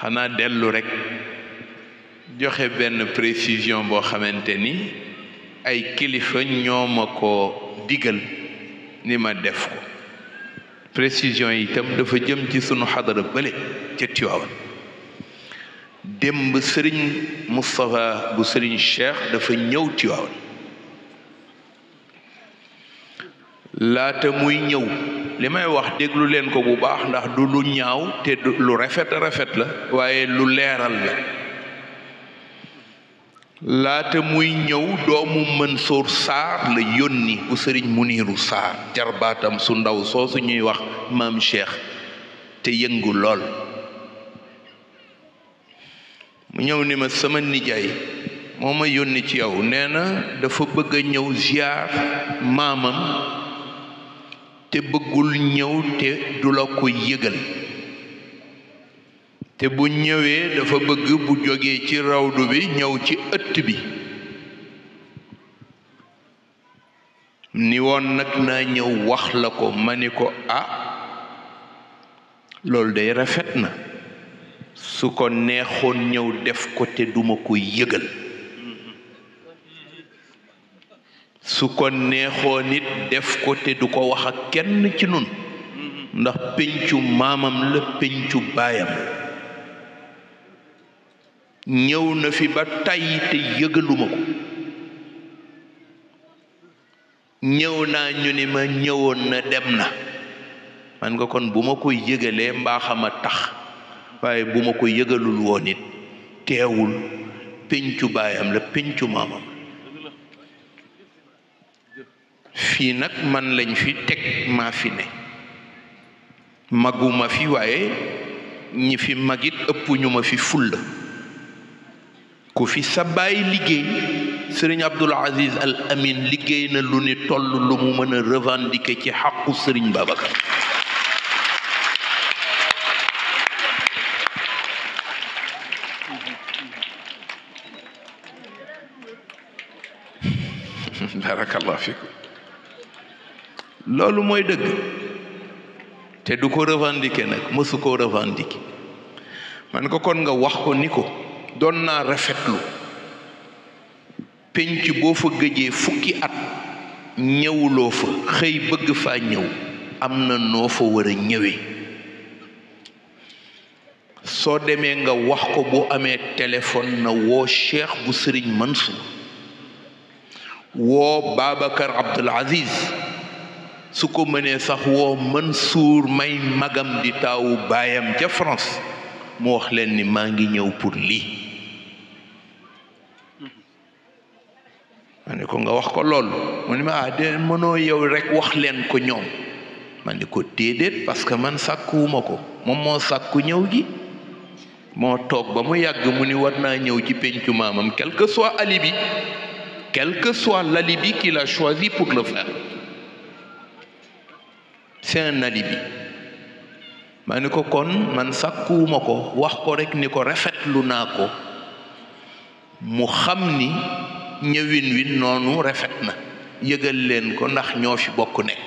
xana delu rek joxe ben précision bo xamanteni ay kilifa ñomako digal ni ma def ko précision yi itam dafa jëm ci sunu xadara bële ci Tiwaawan démb serigne mustafa bu serigne Cheikh dafa ñëw Tiwaawan laata muy ñëw li may wax déglu leen ko bu baax ndax du lu ñaaw te lu rafet rafet la waaye lu leeral la laata muy ñëw doomu Mansour Sarr la yónni bu sëriñ Muniru Sarr jarbaatam su ndaw soosu ñuy wax maam Cheikh te yëngu lool mu ñëw ni ma sama nijaay moo ma yónni ci yow nee na dafa bëgg ñëw ziar maamam te bëggul ñëw te du la ko yëgal te bu ñëwee dafa bëgg bu jóge ci rawdu bi ñëw ci ëtt bi ni woon nag naa ñëw wax la ko ma ni ko ah loolu day rafet na su ko neexoon ñëw def ko te duma ko yëgal su ko neexoo nit def ko te du ko wax ak kenn ci nun ndax péncu maamam la péncu baayam ñëw na fi ba tàyyi te yëgaluma ko ñëw naa ñu ni ma ñëwoon na dem na man nga kon bu ma ko yëgalee mbaaxam a tax waaye bu ma ko yëgalul woon it teewul péncu baayam la péncu maamam fii nag man lañ fi teg maa fi ne maguma fi waaye ñi fi magit ëpp ñu ma fi fulla ku fi sa baay liggéey sëriñ Abdul Aziz Al Amin liggéey na lu ni toll lu mu mën a revendiquer ci xàqu sëriñ Babacar loolu mooy dëgg te du ko revendiquer nag mësu koo revendiquer man ko kon nga wax ko ni ko doon naa rafetlu penc boo fa gëjee fukki at ñëwuloo fa xëy bëgg faa ñëw am na noo fa war a ñëwee soo demee nga wax ko bu amee téléphone na woo cheikh bu sëriñ Mansour woo Babacar Abdul Aziz su ko mënee sax woo Mansour may magam di taawu baayam ca France mu wax leen ni maa ngi ñëw pour lii ma ne ko nga wax ko loolu mu ne ma ah de mënoo yow rekk wax leen ko ñoom ma ne ko déedéet parce que man sàkkuwuma ko moom moo sàkku ñëw gi moo toog ba mu yàgg mu ni war naa ñëw ci pencu maamam quel que soit alibi quel que soit l'alibi qu'il a pour le faire fin nali maa ni ko kon man sàkkuwuma ko wax ko rekk ni ko rafetlu naa ko mu xam ni ñëwin wi noonu rafet na yëgal leen ko ndax ñoo fi bokk nekk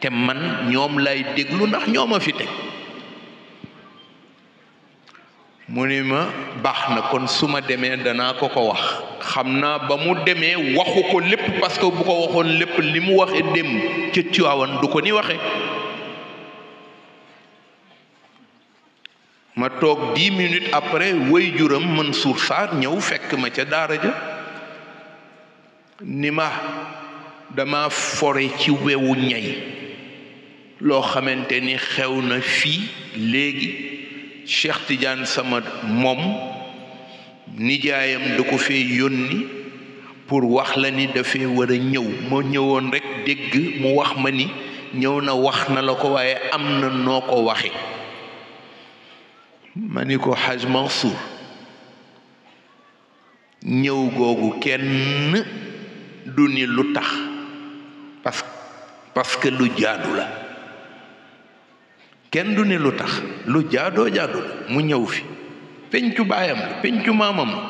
te man ñoom lay déglu ndax ñoo ma fi teg mu ni ma baax na kon su ma demee danaa ko ko wax xam naa ba mu demee waxu ko lépp parce que bu ko waxoon lépp li mu waxee dem ca Tiwaawan du ko ni waxe ma toog dix minutes après way juram Mansour Sarr ñëw fekk ma ca daara ja ni ma dama fore ci wewu ñay loo xamante ni xew na fii léegi Cheikh Tidiane sama moom nijaayam da ko fee yónni pour wax la ni dafee war a ñëw ma ñëwoon rekk dégg mu wax ma ni ñëw na wax na la ko waaye am na noo ko waxe ma ni ko Haj Mansour ñëw googu kenn du ni lu tax parce parce que lu jaadu la kenn du ne lu tax lu jaadoo jaadul mu ñëw fi pencu baayam la pencu maamam la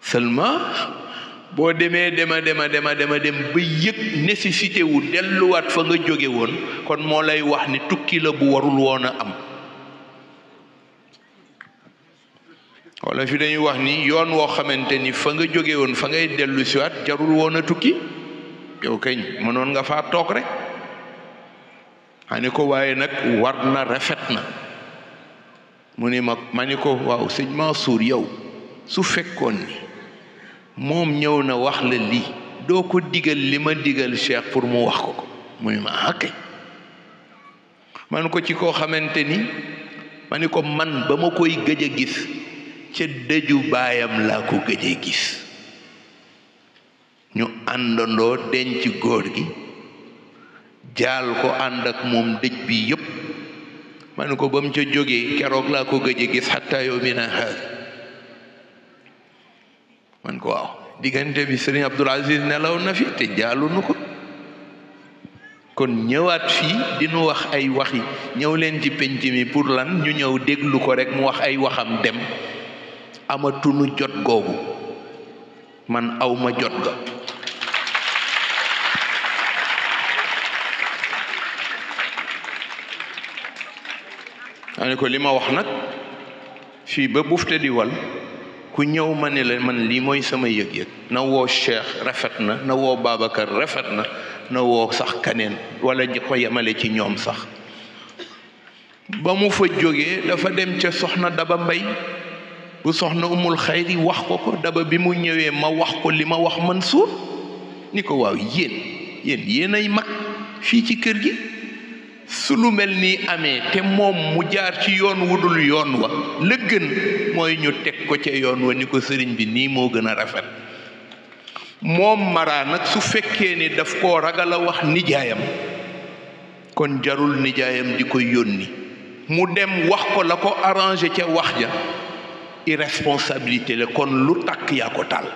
seulement boo dema dema dema dema dem ba yëg nécessité wu delluwaat fa nga jóge woon kon moo lay wax ni tukki la bu warul am wala fi dañuy wax ni yoon woo xamante ni fa nga jóge woon fa ngay dellu siwaat jarul woon tukki yow nga rek ma ko waaye nag war na rafet na mu ni ma ma ko waaw sëñ Mansour yow su fekkoon ni moom ñëw na wax la lii doo ko digal li ma digal cheikh pour mu wax ko ko mu ni man ah, ko ci koo xamante ni ma ko man ba ma koy gëj a gis ca dëju baayam laa ko gëj gis ñu àndandoo denc góor gi jaal ko ànd ak moom dëj bi yépp ma ne ko ba mu ca jógee keroog laa ko gëj a gis xatta yow mi na xaar man ko waaw diggante bi sëriñ Abdul Aziz nelaw na fi te jaalu nu ko kon ñëwaat fii dinu wax ay waxi ñëw leen ci penc mi pour lan ñu ñëw déglu ko rekk mu wax ay waxam dem amatu amatunu jot googu man awma jot ga ane ko lima wax nak fi ba bufte di wal ku ñëw ma ne man li moy sama yëg-yëg na wo cheikh rafetna na wo babakar rafetna na wo sax kanen wala ji ko yamale ci ñom sax ba mu fa jógee dafa dem ci soxna daba mbay bu soxna umul xayri wax ko ko daba bi mu ñewé ma wax ko lima wax man suur ni waaw yéen yéen yeenay mak fi ci kër gi su lu mel nii amee te moom mu jaar ci yoon wudul yoon wa la gën mooy ñu teg ko ca yoon wa ni ko sëriñ bi nii moo gën a rafet moom maraanag su fekkee ne daf ko ragal a wax nijaayam kon jarul nijaayam di ko yónni mu dem wax ko la ko arrangé ca wax ja irresponsabilité la kon lu takk yaa ko taal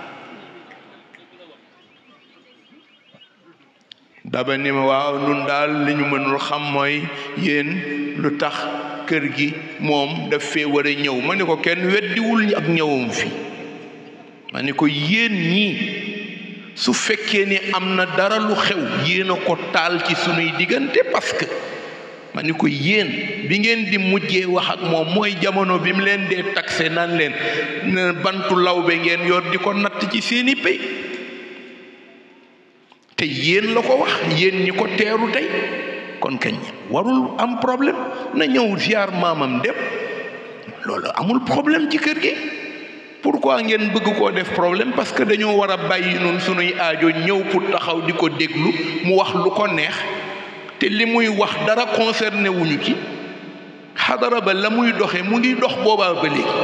daba ni ma waaw nun daal li ñu mënul xam mooy yéen lu tax kër gi moom daf fee a ñëw ma ni ko kenn weddiwul ak ñëwum fi ma ni ko yéen nii su fekkee ni am na dara lu xew yéen a ko taal ci sunuy diggante parce que ma ni ko yéen bi ngeen di mujjee wax ak moom mooy jamono bi mu leen dee takse naan leen bantu law be ngeen yoon di ko natt ci seeni pay te yéen la ko wax yéen ñi ko teeru tey kon kañ warul am problème na ñëw ziar maamam dépp loolu amul problème ci kër gi pour pourquoi ngeen bëgg koo def problème parce que dañoo war a bàyyi noonu sunuy aajo ñëw pour taxaw di ko déglu mu wax lu ko neex te li muy wax dara concerné wuñu ci xadara ba la muy doxe mu ngi dox boobaa ba léegi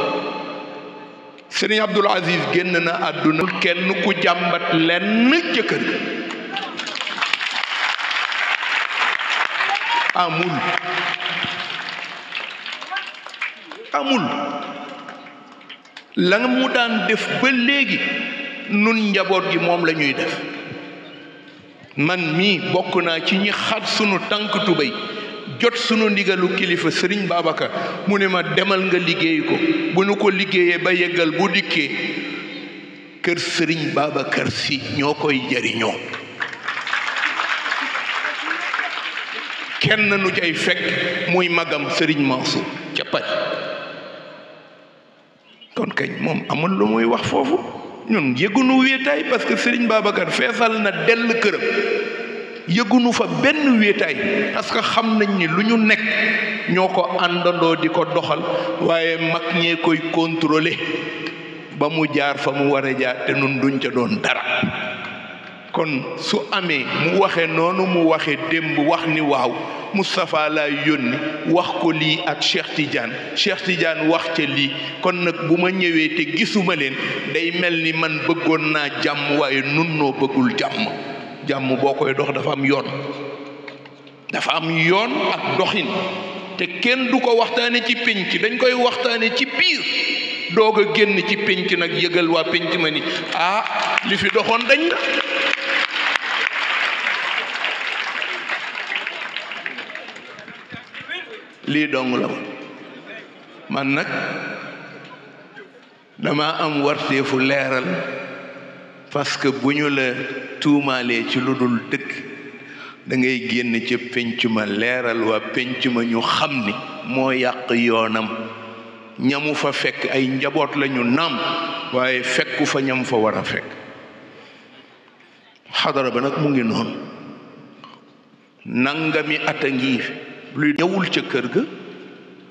sëriñ Abdul Aziz génn na àdduna kenn ku jàmbat lenn ca kër gi amul amul la mu daan def ba léegi nun njaboot gi moom lañuy def man mii bokk naa ci ñi xat sunu tànk tubéy jot sunu ndigalu kilifa sëriñ Babacar mu ne ma demal nga liggéey ko bu nu ko liggéeyee ba yeggal bu dikkee kër sëriñ Babacar si ñoo koy jariñoo kenn nu cay fekk muy magam sëriñ Mansour ca Paris kon kañ moom amul lu muy wax foofu ñun yëgunu wéetaay parce que sëriñ Babacar feesal na dell këram yëgunu fa benn wéetaay parce que xam nañ ni lu ñu nekk ñoo ko àndandoo di ko doxal waaye mag ñee koy contrôler ba mu jaar fa mu war a jaar te nun duñ ca doon dara kon su amee mu waxee noonu mu waxee démb wax ni waaw Moustapha laa yónni wax ko lii ak Cheikh Tidiane Cheikh Tidiane wax ca lii kon nag bu ma ñëwee te gisuma leen day mel ni man bëggoon naa jàmm waaye nun noo bëggul jàmm jàmm boo koy dox dafa am yoon dafa am yoon ak doxin te kenn du ko waxtaane ci pénc dañ koy waxtaane ci biir doog a génn ci pénc nag yëgal waa pénc ma ni ah li fi doxoon dañ na lii dong la man nag dama am warteefu leeral parce bu ñu la tuumaalee ci lu dul dëkk dangay génn ca pénc ma leeral waa pénc ma ñu xam ni moo yàq yoonam ñamu fa fekk ay njaboot lañu naam waaye fekku fa ñam fa war a fekk xadara ba nag mu ngi noonu nangami at a ngi luy ñëwul ca kër ga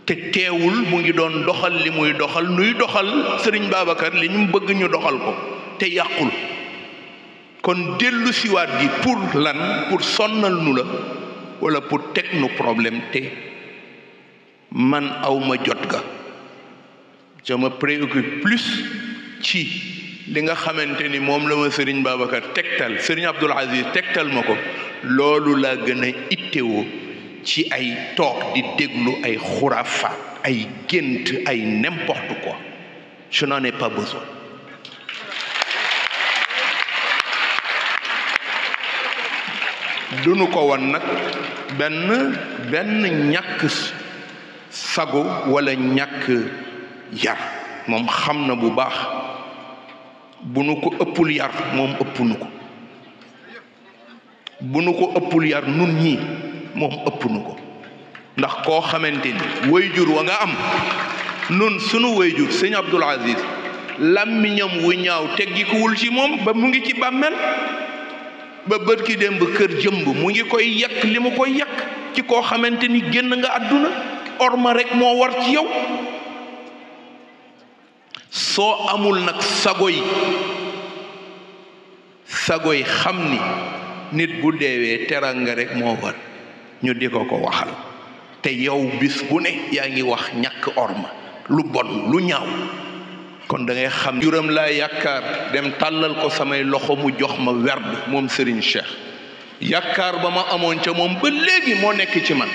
te teewul mu ngi doon doxal li muy doxal nuy doxal sëriñ Babacar li ñu bëgg ñu doxal ko te yàqul kon dellu siwaat gi pour lan pour sonnal nu la wala pour teg nu problème te man awma jot ga je me préoccupe plus ci li nga xamante ni moom la ma sëriñ Babacar tegtal sëriñ Abdul Aziz tegtal ma ko loolu laa gën a ittewoo ci ay toog di déglu ay xuraafaat ay gént ay n'importe ko je n'en ai du nu ko won nag benn benn ñàkk sago walla ñàkk yar moom xam na bu baax bu nu ko ëppul yar moom ëpp ko bu nu ko ëppul yar nun ñii moom ëpp nu ko ndax koo xamante ni jur wa nga am nun sunu wayjur sëñ Abdul Aziz làmmiñam wu ñaaw teggikuwul ci moom ba mu ngi ci bàmmel ba bët ki démb kër jëmb mu ngi koy yekk li mu koy yekk ci koo xamante ni génn nga àdduna orma rek moo war ci yow soo amul nag sagoy sagoy xam ni nit bu deewee teranga rek moo war ñu di ko ko waxal te yow bis bu ne yaa wax orma lu bon lu ñaaw kon da ngay xam juram laa yakar dem tàllal ko samay loxo mu jox ma werd yakar Serigne Cheikh yaakaar ba ma amoon ca ba ci man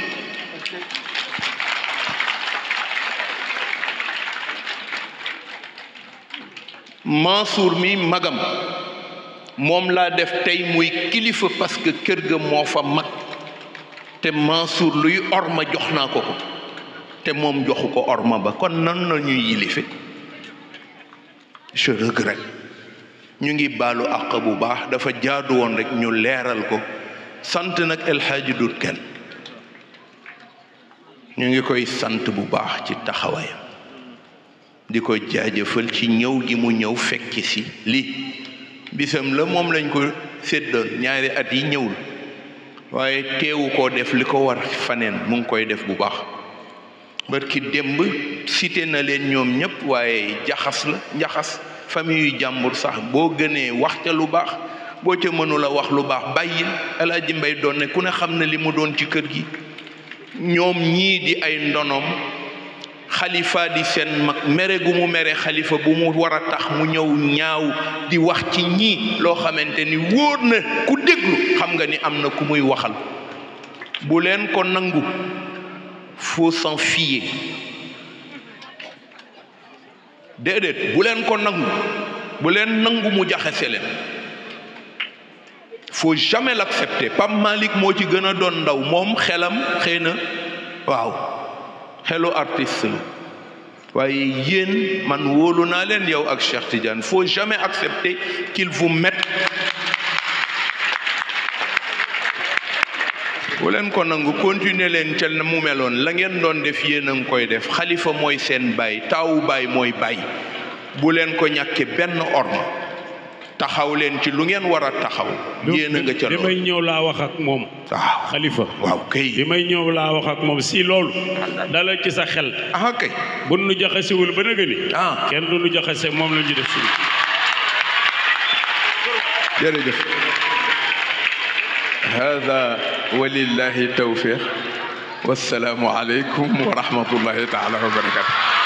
Mansour mi magam mom laa def tey muy kilifa parce que fa te Mansour luy orma jox naa ko ko te moom joxu ko orma ba kon nan la ñuy yilife je rekk ñu ngi baalu àq bu baax dafa jaadu woon rek ñu leeral ko sant nag El Hadji Dut ñu ngi koy sant bu baax ci taxawaayam di ko jaajëfal ci ñëw gi mu ñëw fekki si lii bisam la moom lañ ko séddoon ñaari at yi ñëwul waaye teewu koo def li ko war faneen mu ngi koy def bu baax barki démb cité na leen ñoom ñëpp waaye jaxas la jaxas famille yu jàmbur sax boo gënee wax ca lu baax boo ca mënula wax lu baax bàyyi alaaji mbay doon ne ku ne xam ne li mu doon ci kër gi ñoom ñii di ay ndonoom xalifa di seen mag mere gu mu mere xalifa bu mu war a tax mu ñëw ñaaw di wax ci ñii loo xamante ni wóor na ku déglu xam nga ni am na ku muy waxal bu leen ko nangu faut s'en fier déedéet bu leen ko nangu bu leen nangu mu jaxase leen faut jamais l'accepter Pape Malick moo ci gën a doon ndaw moom xelam xëy na waaw hello artiste voyez waaye man woluna len yow ak Cheikh Tidiane faut jamais accepter qu'il vous mette wolen ko nangu continuer len ca na mu meloon la ngeen don def yéen a koy def khalifa moy sen bay taw bay moy bay bu ko ñàkkee ben orma taxaw leen ci lu ngeen war a taxaw yéen a nga ca loolu bi may ñëw laa wax ak moom waaw xalifa waaw kay bi may ñëw laa wax ak moom si loolu dala ci sa xel ah kay bu nu jaxasewul ba nëgë ni ah kenn du nu jaxase moom la ñu def suñu jërëjëf هذا ولله التوفيق والسلام wa ورحمة taala wa barakatuh.